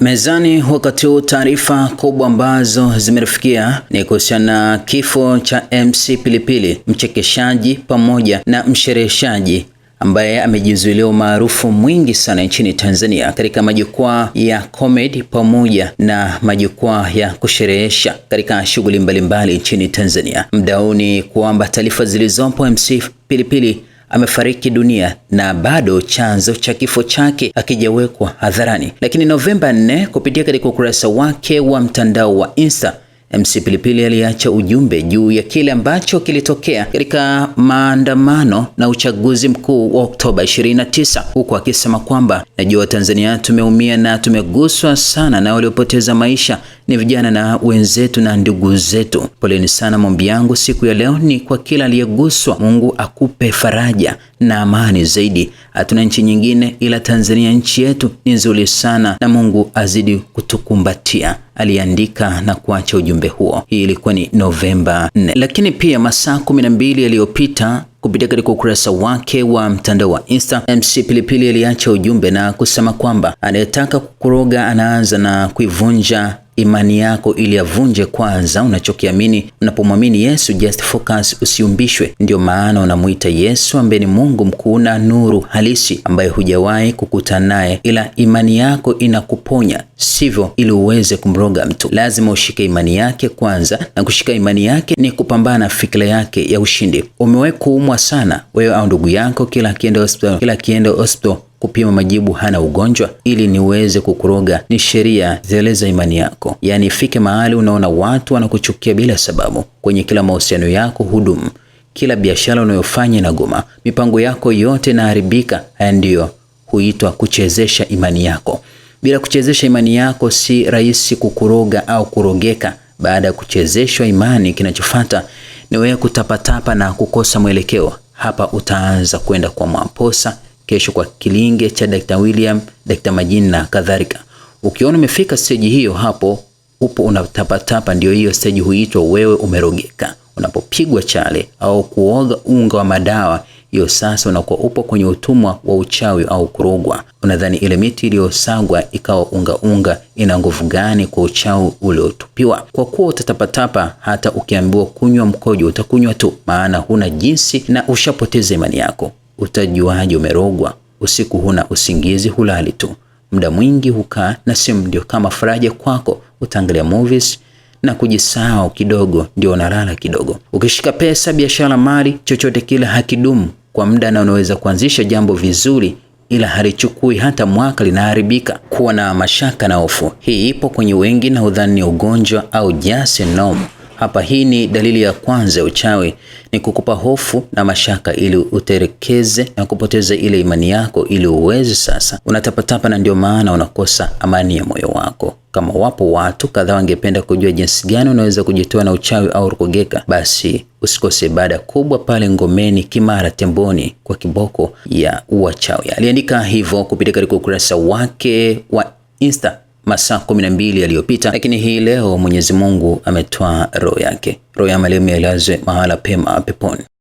Mezani wakati huu, taarifa kubwa ambazo zimerifikia ni kuhusiana na kifo cha MC Pilipili, mchekeshaji pamoja na mshereheshaji ambaye amejizuilia umaarufu mwingi sana nchini Tanzania katika majukwaa ya comedy pamoja na majukwaa ya kusherehesha katika shughuli mbalimbali nchini Tanzania. Mdauni kuamba taarifa zilizopo, MC Pilipili amefariki dunia na bado chanzo cha kifo chake hakijawekwa hadharani. Lakini Novemba 4 kupitia katika ukurasa wake wa mtandao wa Insta MC Pilipili aliacha ujumbe juu ya kile ambacho kilitokea katika maandamano na uchaguzi mkuu wa Oktoba 29 huku akisema kwamba najua tanzania tumeumia na tumeguswa sana na waliopoteza maisha ni vijana na wenzetu na ndugu zetu. Poleni sana. Maombi yangu siku ya leo ni kwa kila aliyeguswa, Mungu akupe faraja na amani zaidi. Hatuna nchi nyingine ila Tanzania, nchi yetu ni nzuri sana, na Mungu azidi kutukumbatia aliandika na kuacha ujumbe huo. Hii ilikuwa ni Novemba 4. Lakini pia masaa 12 yaliyopita kupitia katika ukurasa wake wa mtandao wa Insta, MC Pilipili aliacha ujumbe na kusema kwamba anayetaka kukuroga anaanza na kuivunja imani yako ili avunje kwanza unachokiamini. Unapomwamini Yesu, just focus, usiumbishwe. Ndiyo maana unamuita Yesu ambaye ni Mungu mkuu na nuru halisi ambaye hujawahi kukutana naye, ila imani yako inakuponya. Sivyo, ili uweze kumroga mtu, lazima ushike imani yake kwanza, na kushika imani yake ni kupambana fikira yake ya ushindi. Umewahi kuumwa sana wewe au ndugu yako, kila akienda hospitali, kila akienda hospitali kupima majibu hana ugonjwa ili niweze kukuroga, ni sheria zeleza imani yako. Yaani ifike mahali unaona watu wanakuchukia bila sababu, kwenye kila mahusiano yako hudumu, kila biashara unayofanya inagoma, mipango yako yote inaharibika. Haya ndiyo huitwa kuchezesha imani yako. Bila kuchezesha imani yako si rahisi kukuroga au kurogeka. Baada ya kuchezeshwa imani, kinachofata ni wewe kutapatapa na kukosa mwelekeo. Hapa utaanza kwenda kwa mwaposa kesho kwa kilinge cha Dr. William, Dr. Majina kadhalika. Ukiona umefika stage hiyo, hapo upo unatapatapa, ndio hiyo stage huitwa wewe umerogeka. Unapopigwa chale au kuoga unga wa madawa hiyo sasa unakuwa upo kwenye utumwa wa uchawi au kurogwa. Unadhani ile miti iliyosagwa ikawa unga unga ina nguvu gani kwa uchawi uliotupiwa? Kwa kuwa utatapatapa, hata ukiambiwa kunywa mkojo utakunywa tu, maana huna jinsi na ushapoteza imani yako. Utajuaje umerogwa? Usiku huna usingizi, hulali tu, muda mwingi hukaa na simu, ndio kama faraja kwako. Utaangalia movies na kujisahau kidogo, ndio unalala kidogo. Ukishika pesa, biashara, mali, chochote kile hakidumu kwa muda, na unaweza kuanzisha jambo vizuri ila halichukui hata mwaka, linaharibika. Kuwa na mashaka na hofu, hii ipo kwenye wengi na udhani ni ugonjwa au jase nomo hapa. Hii ni dalili ya kwanza ya uchawi, ni kukupa hofu na mashaka ili uterekeze na kupoteza ile imani yako, ili uweze sasa, unatapatapa na ndio maana unakosa amani ya moyo wako. Kama wapo watu kadhaa wangependa kujua jinsi gani unaweza kujitoa na uchawi au rukogeka, basi usikose ibada kubwa pale Ngomeni Kimara Temboni kwa kiboko ya uwachawi. Aliandika hivyo kupitia katika ukurasa wake wa Insta masaa kumi na mbili yaliyopita, lakini hii leo Mwenyezi Mungu ametoa roho yake. Roho ya marehemu ilazwe mahala pema peponi.